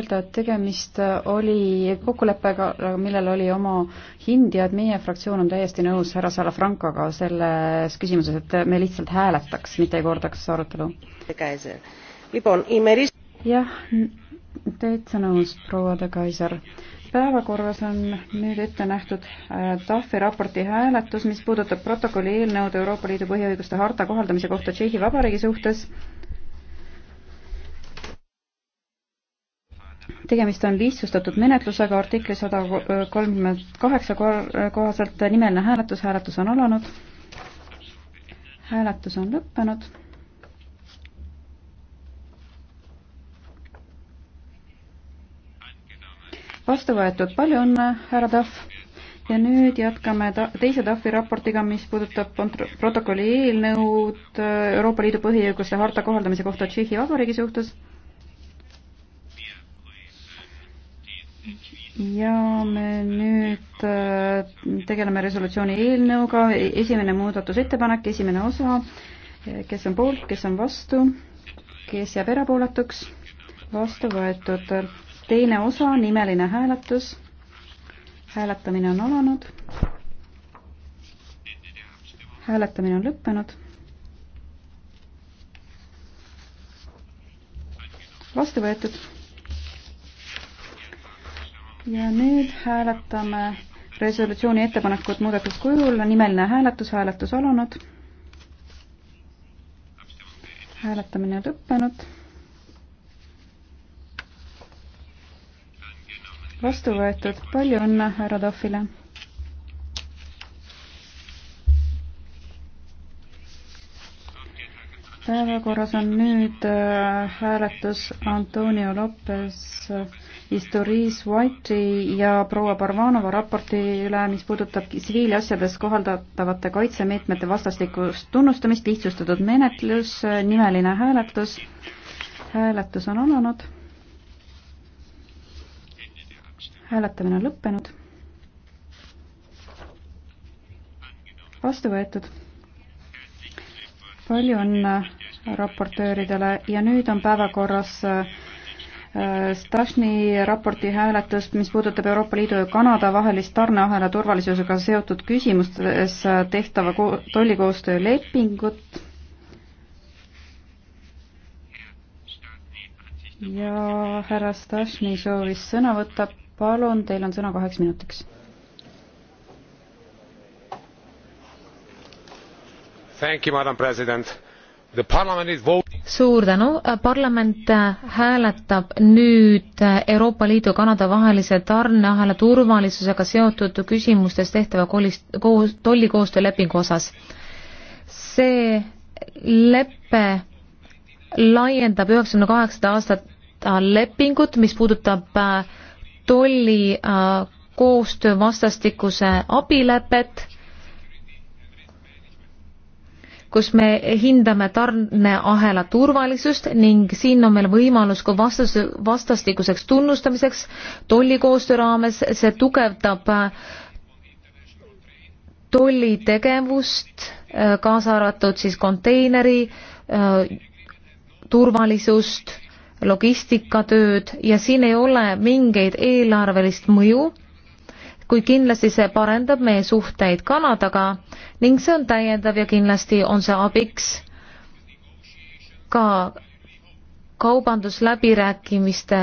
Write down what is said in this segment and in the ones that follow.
öelda, et tegemist oli kokkuleppega, millel oli oma hind ja et meie fraktsioon on täiesti nõus härra Salafrankaga selles küsimuses, et me lihtsalt hääletaks, mitte ei kordaks arutelu. jah, täitsa nõus, proua de Kaiser päevakorras on nüüd ette nähtud äh, TAFE raporti hääletus, mis puudutab protokolli eelnõud Euroopa Liidu põhiõiguste harta kohaldamise kohta Tšehhi Vabariigi suhtes tegemist on lihtsustatud menetlusega artikli sada kolmkümmend kaheksa kohaselt nimeline hääletus, hääletus on alanud. hääletus on lõppenud. vastu võetud, palju õnne, härra Tahv. ja nüüd jätkame ta teise Tahvi raportiga, mis puudutab protokolli eelnõud äh, Euroopa Liidu põhiõiguste harta kohaldamise kohta Tšehhi Vabariigi suhtes ja me nüüd äh, tegeleme resolutsiooni eelnõuga, esimene muudatusettepanek, esimene osa, kes on poolt, kes on vastu, kes jääb erapooletuks, vastu võetud. teine osa, nimeline hääletus, hääletamine on alanud, hääletamine on lõppenud, vastu võetud ja nüüd hääletame resolutsiooni ettepanekut muudetud kujul, nimeline hääletus, hääletus alanud. hääletamine lõppenud. vastu võetud, palju õnne härra Tahvile päevakorras on nüüd äh, hääletus Antonio Lopez äh, Istoriis Whitey ja proua Barvanova raporti üle, mis puudutab tsiviilasjades kohaldatavate kaitsemeetmete vastastikust tunnustamist, lihtsustatud menetlus, äh, nimeline hääletus. hääletus on alanud. hääletamine on lõppenud. vastu võetud palju õnne raportööridele ja nüüd on päevakorras äh, Stashni raporti hääletus, mis puudutab Euroopa Liidu ja Kanada vahelist tarneahela turvalisusega seotud küsimustes tehtava tollikoostöö lepingut. ja härra Stashni soovis sõna võtta, palun, teil on sõna kaheks minutiks suur tänu, parlament äh, hääletab nüüd äh, Euroopa Liidu ja Kanada vahelise tarneahela turvalisusega seotud küsimustes tehtava koolist, koos, tollikoostöölepingu osas. see lepe laiendab üheksakümne kaheksanda aastata äh, lepingut, mis puudutab tolli koostöö vastastikuse abilepet kus me hindame tarneahela turvalisust ning siin on meil võimalus ka vastas, vastastikuseks tunnustamiseks tollikoostöö raames, see tugevdab äh, tollitegevust, äh, kaasa arvatud siis konteineri äh, turvalisust, logistikatööd ja siin ei ole mingeid eelarvelist mõju kuid kindlasti see parendab meie suhteid Kanadaga ning see on täiendav ja kindlasti on see abiks ka kaubandusläbirääkimiste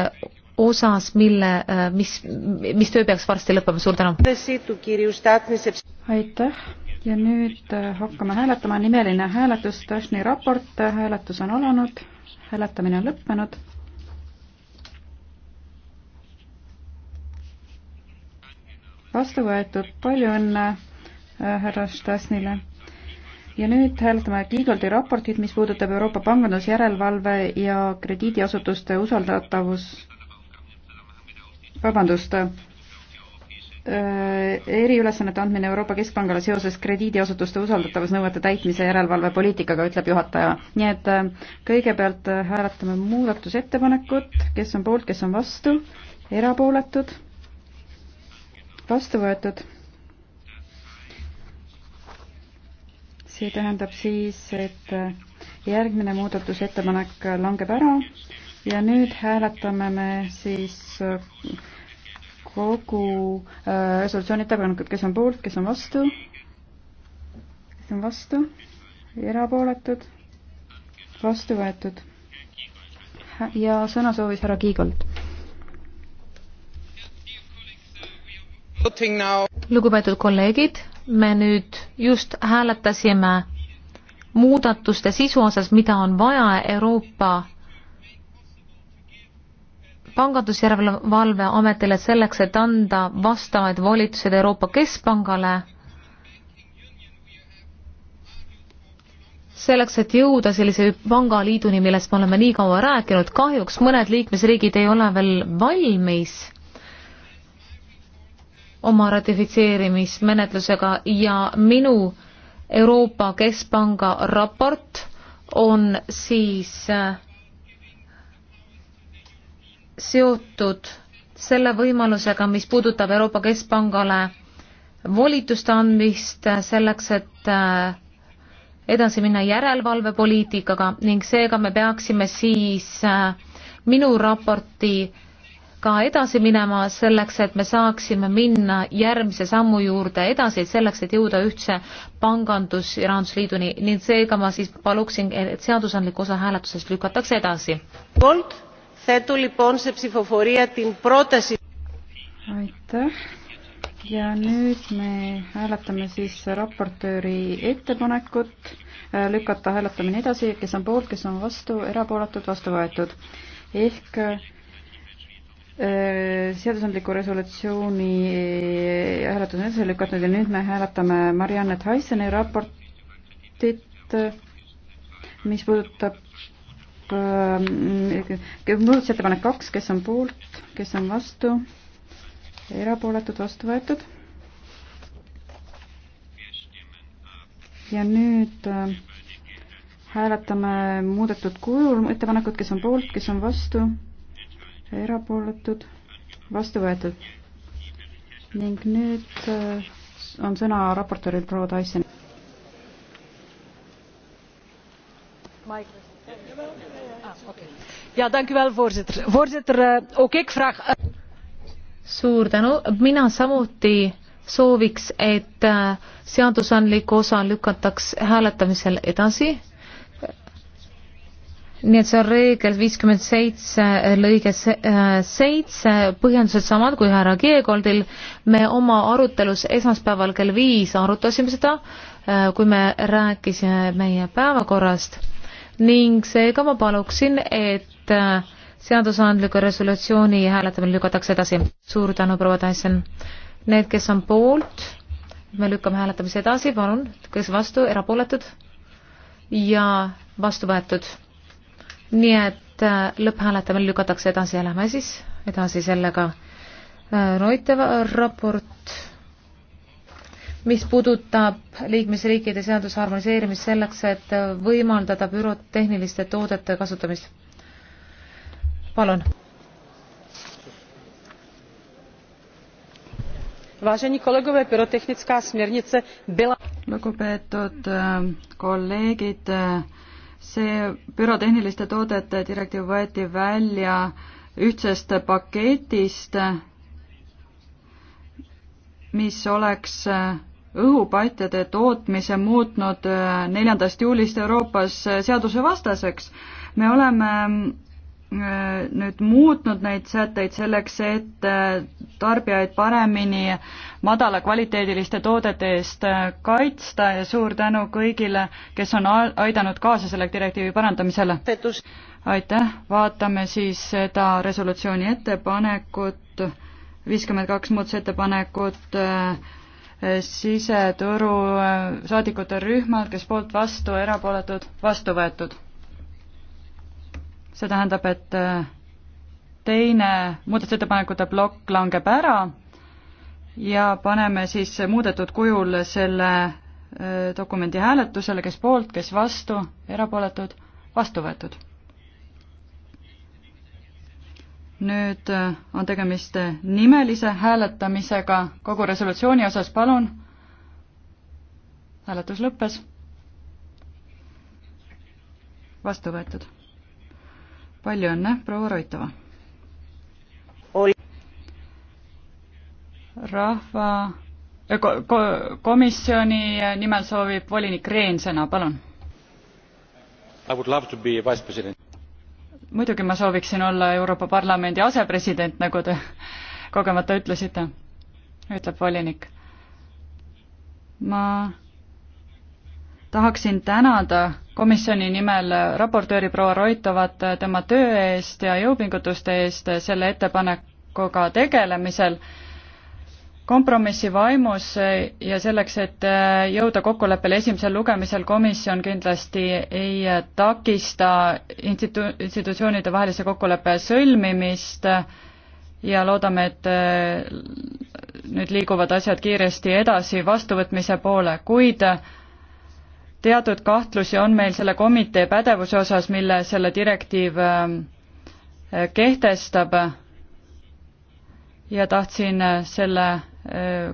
osas, mille, äh, mis, mis töö peaks varsti lõppema, suur tänu. aitäh ja nüüd äh, hakkame hääletama, nimeline hääletus, Dashni raport, hääletus on alanud, hääletamine on lõppenud vastu võetud, palju õnne äh, härra Štasnile. ja nüüd hääletame Kiigoldi raportit, mis puudutab Euroopa pangandusjärelevalve ja krediidiasutuste usaldatavus, vabandust, äh, eriülesannete andmine Euroopa Keskpangale seoses krediidiasutuste usaldatavusnõuete täitmise järelevalvepoliitikaga, ütleb juhataja. nii et äh, kõigepealt hääletame muudatusettepanekut, kes on poolt, kes on vastu, erapooletud vastu võetud. see tähendab siis, et järgmine muudatusettepanek langeb ära ja nüüd hääletame me siis kogu äh, resolutsiooni ettepanekut, kes on poolt, kes on vastu, kes on vastu, erapooletud, vastu võetud. ja sõna soovis härra Kiigolt lugupeetud kolleegid, me nüüd just hääletasime muudatuste sisu osas, mida on vaja Euroopa pangandusjärelevalveametile selleks, et anda vastavad volitused Euroopa Keskpangale, selleks, et jõuda sellise pangaliiduni, millest me oleme nii kaua rääkinud, kahjuks mõned liikmesriigid ei ole veel valmis oma ratifitseerimismenetlusega ja minu Euroopa Keskpanga raport on siis äh, seotud selle võimalusega, mis puudutab Euroopa Keskpangale volituste andmist äh, selleks, et äh, edasi minna järelevalvepoliitikaga ning seega me peaksime siis minu raporti ka edasi minema selleks, et me saaksime minna järgmise sammu juurde edasi, selleks, et jõuda ühtse pangandus- ja rahandusliiduni ning seega ma siis paluksin, et seadusandlik osa hääletusest lükatakse edasi. aitäh ja nüüd me hääletame siis raportööri ettepanekut äh, lükata hääletamine edasi, kes on poolt, kes on vastu, erapooletud, vastu võetud ehk äh, seadusandliku resolutsiooni eh, hääletus on edasi lükatud ja nüüd me hääletame Marianne Tysoni raportit, mis puudutab eh, muudatusettepanek kaks, kes on poolt, kes on vastu, erapooletud, vastu võetud. ja nüüd eh, hääletame muudetud kujul ettepanekut, kes on poolt, kes on vastu erapooletud, vastu võetud. ning nüüd äh, on sõna raportööril proua Tyson. ja tänku veel, voorzitter. voorzitter, eh, okei, vraag. suur tänu, mina samuti sooviks, et äh, seadusandlik osa lükataks hääletamisel edasi nii et see on reegel viiskümmend seitse lõige äh, seitse, põhjendused samad kui härra Keegoldil. me oma arutelus esmaspäeval kell viis arutasime seda, äh, kui me rääkisime meie päevakorrast ning seega ma paluksin, et äh, seadusandliku resolutsiooni hääletamine lükatakse edasi. suur tänu, proua Tyson. Need, kes on poolt, me lükkame hääletamise edasi, palun, kes vastu, erapooletud ja vastu võetud nii et äh, lõpphääletamine lükatakse edasi ja lähme siis edasi sellega. Äh, Roiteva raport, mis puudutab liikmesriikide seaduse harmoniseerimist selleks, et võimaldada bürotehniliste toodete kasutamist. palun. Vážení kolegové, pyrotechnická směrnice byla... Lugupeetud äh, kolleegid, see pürotehniliste toodete direktiiv võeti välja ühtsest paketist, mis oleks õhupatjade tootmise muutnud äh, neljandast juulist Euroopas äh, seadusevastaseks. me oleme äh, nüüd muutnud neid sätteid selleks, et tarbijaid paremini madalakvaliteediliste toodete eest kaitsta ja suur tänu kõigile, kes on aidanud kaasa selle direktiivi parandamisele. aitäh, vaatame siis seda resolutsiooni ettepanekut, viiskümmend kaks muudatusettepanekut eh, siseturu eh, saadikute rühmad, kes poolt vastu, erapooletud, vastu võetud. see tähendab, et eh, teine muudatusettepanekute plokk langeb ära ja paneme siis muudetud kujul selle äh, dokumendi hääletusele, kes poolt, kes vastu, erapooletud, vastu võetud. nüüd äh, on tegemist nimelise hääletamisega kogu resolutsiooni osas, palun. hääletus lõppes. vastu võetud. palju õnne, proua Roitova rahva äh, ko, ko, komisjoni nimel soovib volinik Rehn sõna, palun. muidugi ma sooviksin olla Euroopa Parlamendi asepresident, nagu te kogemata ütlesite, ütleb volinik. ma tahaksin tänada komisjoni nimel raportööri proua Roitovat tema töö eest ja jõupingutuste eest selle ettepanekuga tegelemisel kompromissi vaimus ja selleks, et äh, jõuda kokkuleppele esimesel lugemisel, komisjon kindlasti ei takista institu-, institutsioonide vahelise kokkuleppe sõlmimist ja loodame, et äh, nüüd liiguvad asjad kiiresti edasi vastuvõtmise poole, kuid teatud kahtlusi on meil selle komitee pädevuse osas, mille selle direktiiv äh, kehtestab ja tahtsin selle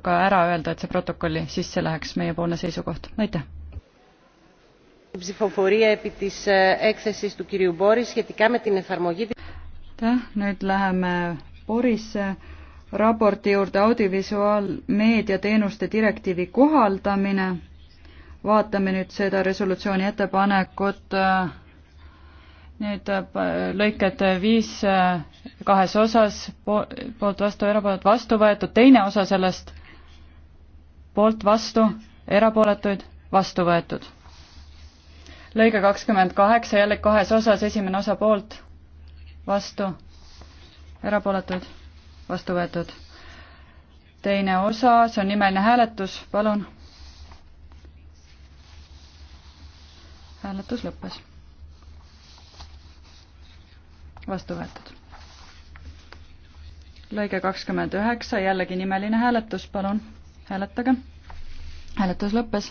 ka ära öelda, et see protokolli sisse läheks, meiepoolne seisukoht, aitäh. aitäh, nüüd läheme Borise raporti juurde audiovisuaalmeedia teenuste direktiivi kohaldamine. vaatame nüüd seda resolutsiooni ettepanekut äh, nüüd äh, lõiked äh, viis äh, kahes osas, poolt vastu, erapooletud vastu võetud, teine osa sellest poolt vastu, erapooletuid vastu võetud. lõige kakskümmend kaheksa jälle kahes osas, esimene osa poolt, vastu, erapooletuid vastu võetud. teine osa, see on nimeline hääletus, palun. hääletus lõppes vastu võetud. lõige kakskümmend üheksa, jällegi nimeline hääletus, palun hääletage. hääletus lõppes.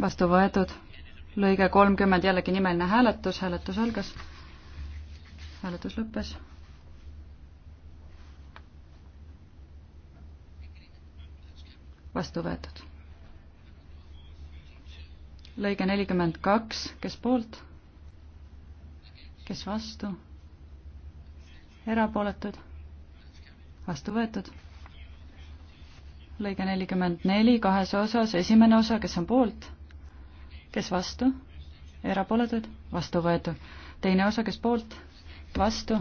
vastu võetud. lõige kolmkümmend, jällegi nimeline hääletus, hääletus algas. hääletus lõppes. vastu võetud lõige nelikümmend kaks, kes poolt? kes vastu? erapooletud? vastu võetud? lõige nelikümmend neli kahes osas, esimene osa, kes on poolt? kes vastu? erapooletud? vastu võetud. teine osa, kes poolt? vastu?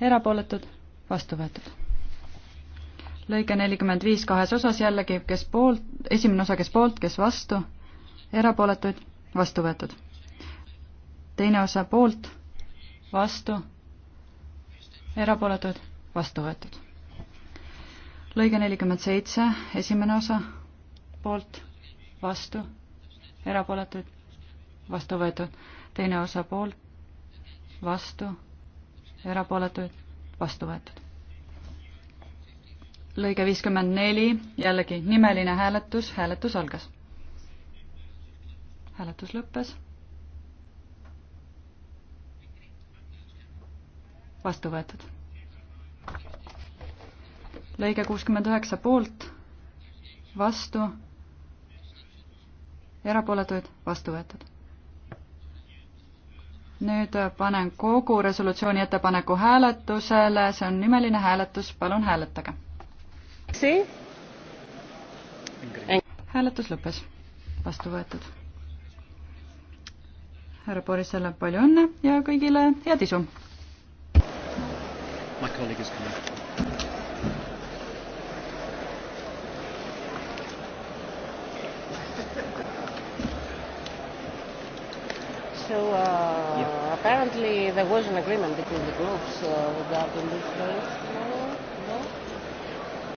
erapooletud? vastu võetud. lõige nelikümmend viis kahes osas jällegi, kes poolt, esimene osa, kes poolt, kes vastu? erapooletuid, vastu võetud. teine osa poolt, vastu, erapooletuid, vastu võetud. lõige nelikümmend seitse, esimene osa, poolt, vastu, erapooletuid, vastu võetud. teine osa poolt, vastu, erapooletuid, vastu võetud. lõige viiskümmend neli, jällegi nimeline hääletus, hääletus algas hääletus lõppes. vastu võetud. lõige kuuskümmend üheksa poolt, vastu, erapooletuid, vastu võetud. nüüd panen kogu resolutsiooni ettepaneku hääletusele, see on nimeline hääletus, palun hääletage. hääletus lõppes, vastu võetud härra Borisele palju õnne ja kõigile head isu! My colleague is coming. so uh, yeah. apparently there was an agreement between the groups uh, regarding this case.